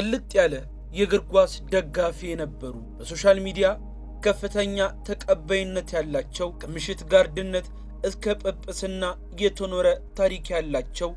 ቅልጥ ያለ የእግር ኳስ ደጋፊ የነበሩ በሶሻል ሚዲያ ከፍተኛ ተቀባይነት ያላቸው ከምሽት ጋርድነት እስከ ጵጵስና የተኖረ ታሪክ ያላቸው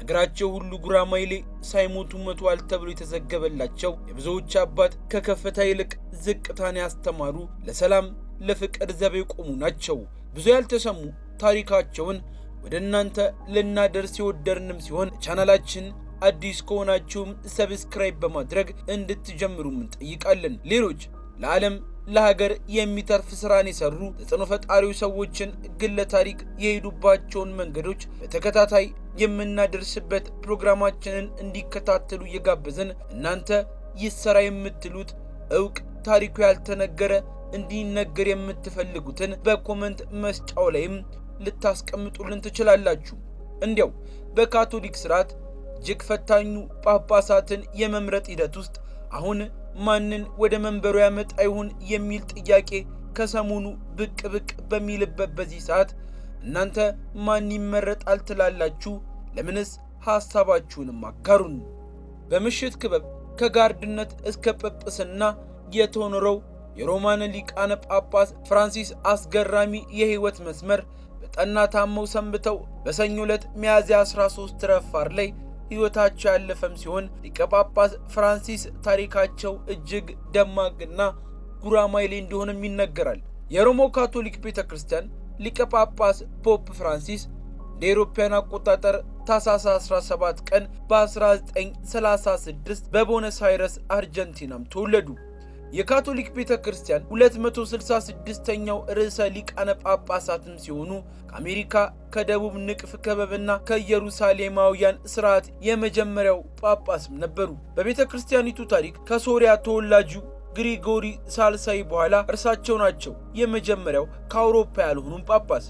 ነገራቸው ሁሉ ጉራማይሌ ሳይሞቱ መቷል ተብሎ የተዘገበላቸው የብዙዎች አባት ከከፍታ ይልቅ ዝቅታን ያስተማሩ ለሰላም ለፍቅር ዘብ የቆሙ ናቸው። ብዙ ያልተሰሙ ታሪካቸውን ወደ እናንተ ልናደርስ የወደርንም ሲሆን ቻናላችን አዲስ ከሆናችሁም ሰብስክራይብ በማድረግ እንድትጀምሩም እንጠይቃለን። ሌሎች ለዓለም ለሀገር የሚተርፍ ስራን የሰሩ ተጽዕኖ ፈጣሪው ሰዎችን ግለ ታሪክ የሄዱባቸውን መንገዶች በተከታታይ የምናደርስበት ፕሮግራማችንን እንዲከታተሉ እየጋበዝን እናንተ ይሰራ የምትሉት እውቅ ታሪኩ ያልተነገረ እንዲነገር የምትፈልጉትን በኮመንት መስጫው ላይም ልታስቀምጡልን ትችላላችሁ። እንዲያው በካቶሊክ ስርዓት እጅግ ፈታኙ ጳጳሳትን የመምረጥ ሂደት ውስጥ አሁን ማንን ወደ መንበሩ ያመጣ ይሁን የሚል ጥያቄ ከሰሞኑ ብቅ ብቅ በሚልበት በዚህ ሰዓት እናንተ ማን ይመረጣል ትላላችሁ? ለምንስ ሐሳባችሁንም አጋሩን። በምሽት ክበብ ከጋርድነት እስከ ጵጵስና የተኖረው የሮማን ሊቃነ ጳጳስ ፍራንሲስ አስገራሚ የሕይወት መስመር በጠና ታመው ሰንብተው በሰኞ ዕለት ሚያዝያ 13 ረፋር ላይ ሕይወታቸው ያለፈም ሲሆን ሊቀ ጳጳስ ፍራንሲስ ታሪካቸው እጅግ ደማቅና ጉራማይሌ እንደሆነም ይነገራል። የሮሞ ካቶሊክ ቤተ ክርስቲያን ሊቀ ጳጳስ ፖፕ ፍራንሲስ እንደ አውሮፓውያን አቆጣጠር ታህሳስ 17 ቀን በ1936 በቦነስ አይረስ አርጀንቲናም ተወለዱ። የካቶሊክ ቤተ ክርስቲያን 266ኛው ርዕሰ ሊቃነ ጳጳሳትም ሲሆኑ ከአሜሪካ ከደቡብ ንቅፍ ክበብና ከኢየሩሳሌማውያን ስርዓት የመጀመሪያው ጳጳስም ነበሩ። በቤተ ክርስቲያኒቱ ታሪክ ከሶሪያ ተወላጁ ግሪጎሪ ሳልሳይ በኋላ እርሳቸው ናቸው የመጀመሪያው ከአውሮፓ ያልሆኑም ጳጳስ።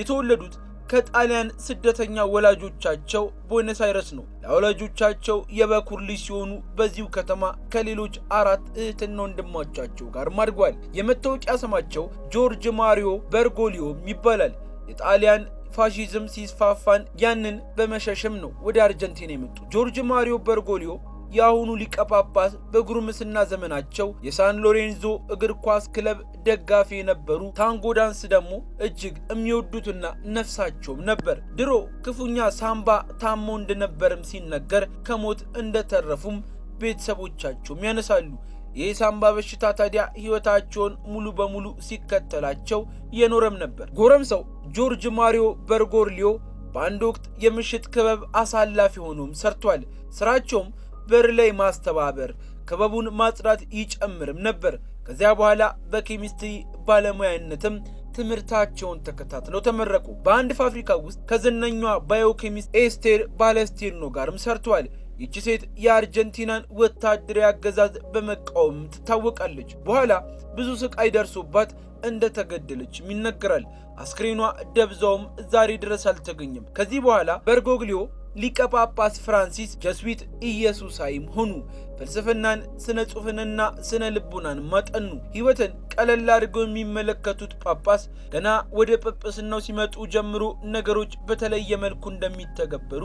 የተወለዱት ከጣሊያን ስደተኛ ወላጆቻቸው ቦነስ አይረስ ነው። ለወላጆቻቸው የበኩር ልጅ ሲሆኑ በዚሁ ከተማ ከሌሎች አራት እህትና ወንድሞቻቸው ጋር ማድጓል። የመታወቂያ ስማቸው ጆርጅ ማሪዮ በርጎሊዮም ይባላል። የጣሊያን ፋሺዝም ሲስፋፋን ያንን በመሸሽም ነው ወደ አርጀንቲና የመጡ ጆርጅ ማሪዮ በርጎሊዮ የአሁኑ ሊቀጳጳስ ጳጳስ በጉርምስና ዘመናቸው የሳን ሎሬንዞ እግር ኳስ ክለብ ደጋፊ የነበሩ ታንጎ ዳንስ ደግሞ እጅግ የሚወዱትና ነፍሳቸውም ነበር። ድሮ ክፉኛ ሳምባ ታሞ እንደነበርም ሲነገር ከሞት እንደተረፉም ቤተሰቦቻቸውም ያነሳሉ። የሳምባ በሽታ ታዲያ ሕይወታቸውን ሙሉ በሙሉ ሲከተላቸው የኖረም ነበር። ጎረምሳው ጆርጅ ማሪዮ በርጎርሊዮ በአንድ ወቅት የምሽት ክበብ አሳላፊ ሆኖም ሰርቷል። ስራቸውም በር ላይ ማስተባበር ክበቡን ማጽዳት ይጨምርም ነበር። ከዚያ በኋላ በኬሚስትሪ ባለሙያነትም ትምህርታቸውን ተከታትለው ተመረቁ። በአንድ ፋብሪካ ውስጥ ከዝነኛ ባዮኬሚስት ኤስቴር ባለስቴርኖ ጋርም ሰርተዋል። ይቺ ሴት የአርጀንቲናን ወታደራዊ አገዛዝ በመቃወም ትታወቃለች። በኋላ ብዙ ስቃይ ደርሶባት እንደተገደለችም ይነገራል። አስክሬኗ ደብዛውም ዛሬ ድረስ አልተገኘም። ከዚህ በኋላ በርጎግሊዮ ሊቀ ጳጳስ ፍራንሲስ ጀስዊት ኢየሱሳይም ሆኑ። ፍልስፍናን፣ ስነ ጽሑፍንና ስነ ልቡናን ማጠኑ። ሕይወትን ቀለል አድርገው የሚመለከቱት ጳጳስ ገና ወደ ጵጵስናው ሲመጡ ጀምሮ ነገሮች በተለየ መልኩ እንደሚተገበሩ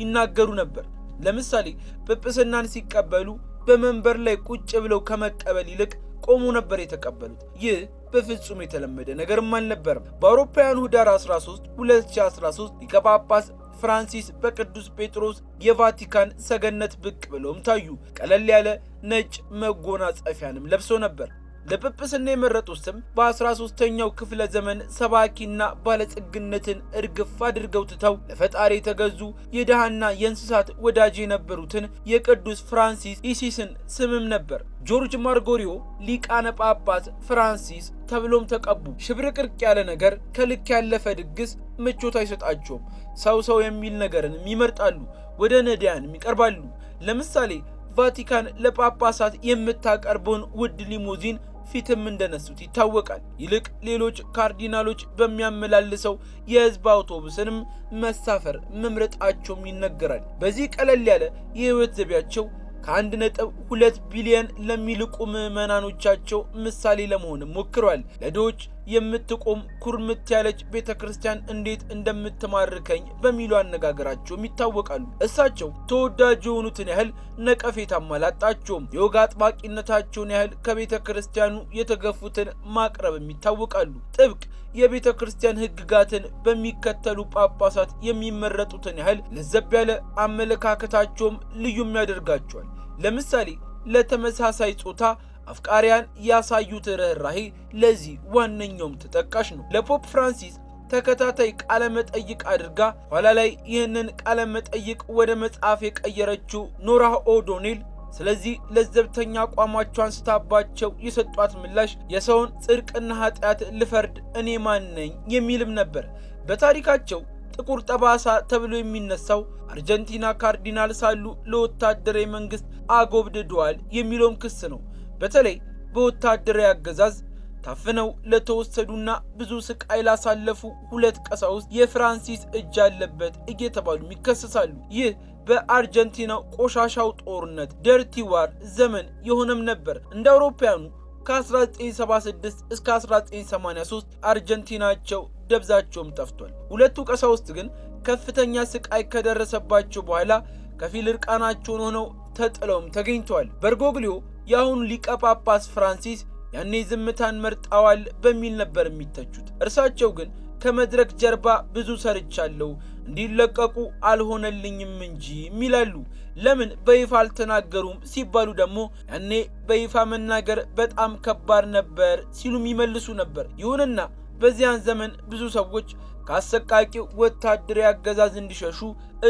ይናገሩ ነበር። ለምሳሌ ጵጵስናን ሲቀበሉ በመንበር ላይ ቁጭ ብለው ከመቀበል ይልቅ ቆሞ ነበር የተቀበሉት። ይህ በፍጹም የተለመደ ነገርም አልነበረም። በአውሮፓውያኑ ኅዳር 13 2013 ሊቀ ጳጳስ ፍራንሲስ በቅዱስ ጴጥሮስ የቫቲካን ሰገነት ብቅ ብለውም ታዩ። ቀለል ያለ ነጭ መጎናጸፊያንም ለብሶ ነበር። ለጵጵስና የመረጡት ስም በ13ኛው ክፍለ ዘመን ሰባኪና ባለጸግነትን እርግፍ አድርገው ትተው ለፈጣሪ የተገዙ የድሃና የእንስሳት ወዳጅ የነበሩትን የቅዱስ ፍራንሲስ ኢሲስን ስምም ነበር። ጆርጅ ማርጎሪዮ ሊቃነ ጳጳስ ፍራንሲስ ተብሎም ተቀቡ። ሽብርቅርቅ ያለ ነገር፣ ከልክ ያለፈ ድግስ ምቾት አይሰጣቸውም። ሰው ሰው የሚል ነገርንም ይመርጣሉ። ወደ ነዳያንም ይቀርባሉ። ለምሳሌ ቫቲካን ለጳጳሳት የምታቀርበውን ውድ ሊሞዚን ፊትም እንደነሱት ይታወቃል። ይልቅ ሌሎች ካርዲናሎች በሚያመላልሰው የህዝብ አውቶቡስንም መሳፈር መምረጣቸውም ይነገራል። በዚህ ቀለል ያለ የህይወት ዘቢያቸው ከአንድ ነጥብ ሁለት ቢሊየን ለሚልቁ ምዕመናኖቻቸው ምሳሌ ለመሆንም ሞክረዋል። ለድሆች የምትቆም ኩርምት ያለች ቤተ ክርስቲያን እንዴት እንደምትማርከኝ በሚሉ አነጋገራቸውም ይታወቃሉ። እሳቸው ተወዳጅ የሆኑትን ያህል ነቀፌታም አላጣቸውም። የወግ አጥባቂነታቸውን ያህል ከቤተ ክርስቲያኑ የተገፉትን ማቅረብም ይታወቃሉ። ጥብቅ የቤተ ክርስቲያን ሕግጋትን በሚከተሉ ጳጳሳት የሚመረጡትን ያህል ለዘብ ያለ አመለካከታቸውም ልዩ ያደርጋቸዋል። ለምሳሌ ለተመሳሳይ ጾታ አፍቃሪያን ያሳዩት ርኅራሄ ለዚህ ዋነኛውም ተጠቃሽ ነው። ለፖፕ ፍራንሲስ ተከታታይ ቃለ መጠይቅ አድርጋ ኋላ ላይ ይህንን ቃለ መጠይቅ ወደ መጽሐፍ የቀየረችው ኖራ ኦዶኔል ስለዚህ ለዘብተኛ አቋማቸው አንስታባቸው የሰጧት ምላሽ የሰውን ጽድቅና ኃጢአት ልፈርድ እኔ ማን ነኝ የሚልም ነበር። በታሪካቸው ጥቁር ጠባሳ ተብሎ የሚነሳው አርጀንቲና ካርዲናል ሳሉ ለወታደራዊ መንግስት አጎብድደዋል የሚለውም ክስ ነው። በተለይ በወታደራዊ አገዛዝ ታፍነው ለተወሰዱና ብዙ ስቃይ ላሳለፉ ሁለት ቀሳውስት የፍራንሲስ እጅ አለበት እየተባሉ ይከሰሳሉ። ይህ በአርጀንቲናው ቆሻሻው ጦርነት ደርቲ ዋር ዘመን የሆነም ነበር። እንደ አውሮፓውያኑ ከ1976 እስከ 1983 አርጀንቲናቸው ደብዛቸውም ጠፍቷል። ሁለቱ ቀሳውስት ግን ከፍተኛ ስቃይ ከደረሰባቸው በኋላ ከፊል እርቃናቸውን ሆነው ተጥለውም ተገኝተዋል። በርጎግሊዮ የአሁኑ ሊቀ ጳጳስ ፍራንሲስ ያኔ ዝምታን መርጠዋል በሚል ነበር የሚተቹት። እርሳቸው ግን ከመድረክ ጀርባ ብዙ ሰርቻለሁ እንዲለቀቁ አልሆነልኝም እንጂ ይላሉ። ለምን በይፋ አልተናገሩም ሲባሉ ደግሞ ያኔ በይፋ መናገር በጣም ከባድ ነበር ሲሉም ይመልሱ ነበር። ይሁንና በዚያን ዘመን ብዙ ሰዎች ከአሰቃቂው ወታደራዊ አገዛዝ እንዲሸሹ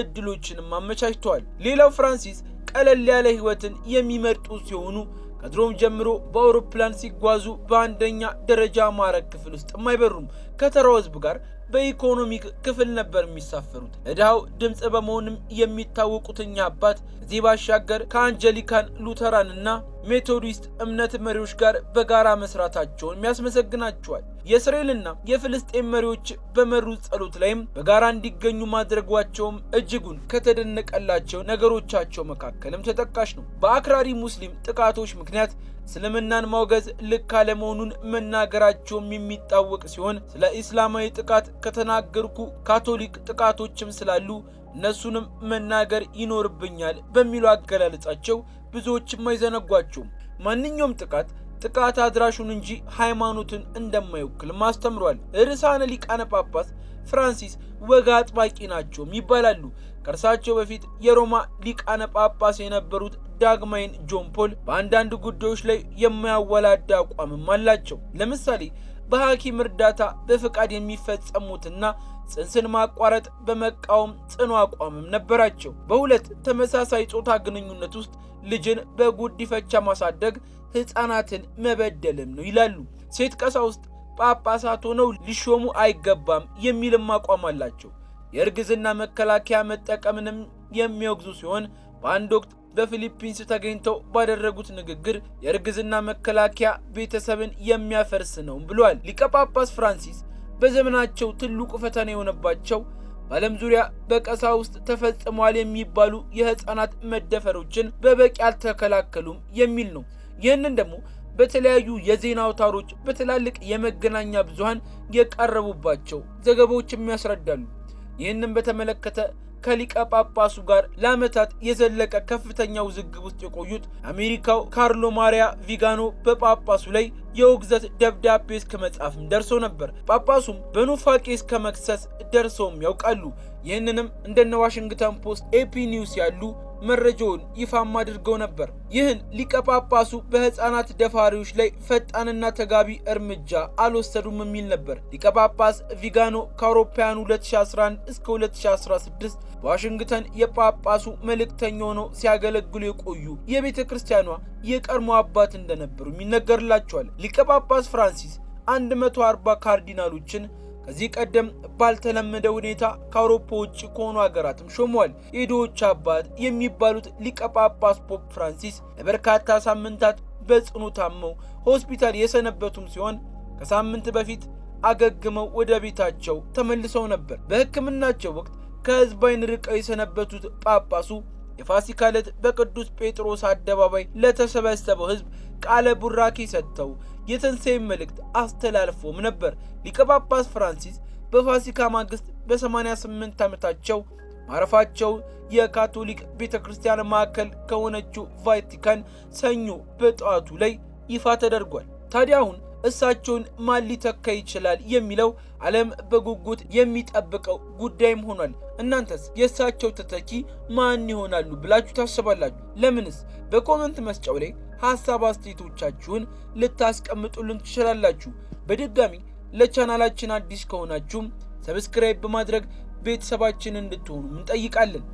እድሎችንም አመቻችተዋል። ሌላው ፍራንሲስ ቀለል ያለ ህይወትን የሚመርጡ ሲሆኑ ከድሮም ጀምሮ በአውሮፕላን ሲጓዙ በአንደኛ ደረጃ ማዕረግ ክፍል ውስጥ የማይበሩም ከተራው ህዝብ ጋር በኢኮኖሚ ክፍል ነበር የሚሳፈሩት። እዳው ድምፅ በመሆንም የሚታወቁትኛ አባት እዚህ ባሻገር ከአንጀሊካን ሉተራንና ሜቶዲስት እምነት መሪዎች ጋር በጋራ መስራታቸውን ያስመሰግናቸዋል። የእስራኤልና የፍልስጤን መሪዎች በመሩት ጸሎት ላይም በጋራ እንዲገኙ ማድረጓቸውም እጅጉን ከተደነቀላቸው ነገሮቻቸው መካከልም ተጠቃሽ ነው። በአክራሪ ሙስሊም ጥቃቶች ምክንያት እስልምናን ማውገዝ ልክ አለመሆኑን መናገራቸውም የሚታወቅ ሲሆን ስለ ኢስላማዊ ጥቃት ከተናገርኩ ካቶሊክ ጥቃቶችም ስላሉ እነሱንም መናገር ይኖርብኛል በሚሉ አገላለጻቸው ብዙዎችም አይዘነጓቸውም። ማንኛውም ጥቃት ጥቃት አድራሹን እንጂ ሃይማኖትን እንደማይወክልም አስተምሯል። ርዕሳነ ሊቃነ ጳጳስ ፍራንሲስ ወግ አጥባቂ ናቸውም ይባላሉ። ከእርሳቸው በፊት የሮማ ሊቃነ ጳጳስ የነበሩት ዳግማይን ጆን ፖል በአንዳንድ ጉዳዮች ላይ የማያወላዳ አቋምም አላቸው። ለምሳሌ በሐኪም እርዳታ በፈቃድ የሚፈጸሙትና ጽንስን ማቋረጥ በመቃወም ጽኑ አቋምም ነበራቸው። በሁለት ተመሳሳይ ጾታ ግንኙነት ውስጥ ልጅን በጉዲፈቻ ማሳደግ ሕፃናትን መበደልም ነው ይላሉ። ሴት ቀሳውስት ጳጳሳት ሆነው ሊሾሙ አይገባም የሚልም አቋም አላቸው። የእርግዝና መከላከያ መጠቀምንም የሚወግዙ ሲሆን በአንድ ወቅት በፊሊፒንስ ተገኝተው ባደረጉት ንግግር የእርግዝና መከላከያ ቤተሰብን የሚያፈርስ ነው ብሏል። ሊቀ ጳጳስ ፍራንሲስ በዘመናቸው ትልቁ ፈተና የሆነባቸው በዓለም ዙሪያ በቀሳ ውስጥ ተፈጽሟል የሚባሉ የህፃናት መደፈሮችን በበቂ አልተከላከሉም የሚል ነው። ይህንን ደግሞ በተለያዩ የዜና አውታሮች በትላልቅ የመገናኛ ብዙሃን የቀረቡባቸው ዘገባዎችም ያስረዳሉ። ይህንን በተመለከተ ከሊቀ ጳጳሱ ጋር ለዓመታት የዘለቀ ከፍተኛ ውዝግብ ውስጥ የቆዩት አሜሪካው ካርሎ ማሪያ ቪጋኖ በጳጳሱ ላይ የውግዘት ደብዳቤ እስከ መጻፍም ደርሶ ነበር። ጳጳሱም በኑፋቄ እስከ መክሰስ ደርሰውም ያውቃሉ። ይህንንም እንደነ ዋሽንግተን ፖስት፣ ኤፒ ኒውስ ያሉ መረጃውን ይፋም አድርገው ነበር። ይህን ሊቀ ጳጳሱ በሕፃናት ደፋሪዎች ላይ ፈጣንና ተጋቢ እርምጃ አልወሰዱም የሚል ነበር። ሊቀ ጳጳስ ቪጋኖ ከአውሮፓውያኑ 2011 እስከ 2016 በዋሽንግተን የጳጳሱ መልእክተኛ ሆነው ሲያገለግሉ የቆዩ የቤተ ክርስቲያኗ የቀድሞ አባት እንደነበሩም ይነገርላቸዋል። ሊቀ ጳጳስ ፍራንሲስ 140 ካርዲናሎችን ከዚህ ቀደም ባልተለመደ ሁኔታ ከአውሮፓ ውጭ ከሆኑ ሀገራትም ሾመዋል። የድሆች አባት የሚባሉት ሊቀ ጳጳስ ፖፕ ፍራንሲስ ለበርካታ ሳምንታት በጽኑ ታመው ሆስፒታል የሰነበቱም ሲሆን ከሳምንት በፊት አገግመው ወደ ቤታቸው ተመልሰው ነበር። በሕክምናቸው ወቅት ከህዝብ አይን ርቀው የሰነበቱት ጳጳሱ የፋሲካ ዕለት በቅዱስ ጴጥሮስ አደባባይ ለተሰበሰበው ህዝብ ቃለ ቡራኬ ሰጥተው የትንሣኤን መልእክት አስተላልፎም ነበር። ሊቀ ጳጳስ ፍራንሲስ በፋሲካ ማግስት በ88 ዓመታቸው ማረፋቸው የካቶሊክ ቤተ ክርስቲያን ማዕከል ከሆነችው ቫቲካን ሰኞ በጠዋቱ ላይ ይፋ ተደርጓል። ታዲያ አሁን እሳቸውን ማን ሊተካ ይችላል የሚለው ዓለም በጉጉት የሚጠብቀው ጉዳይም ሆኗል። እናንተስ የእሳቸው ተተኪ ማን ይሆናሉ ብላችሁ ታስባላችሁ? ለምንስ? በኮመንት መስጫው ላይ ሀሳብ አስተያየቶቻችሁን ልታስቀምጡልን ትችላላችሁ። በድጋሚ ለቻናላችን አዲስ ከሆናችሁም ሰብስክራይብ በማድረግ ቤተሰባችን እንድትሆኑ እንጠይቃለን።